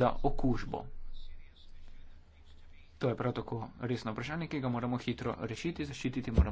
za okužbo. To je prav tako resno vprašanje, ki ga moramo hitro rešiti, zaščititi moramo.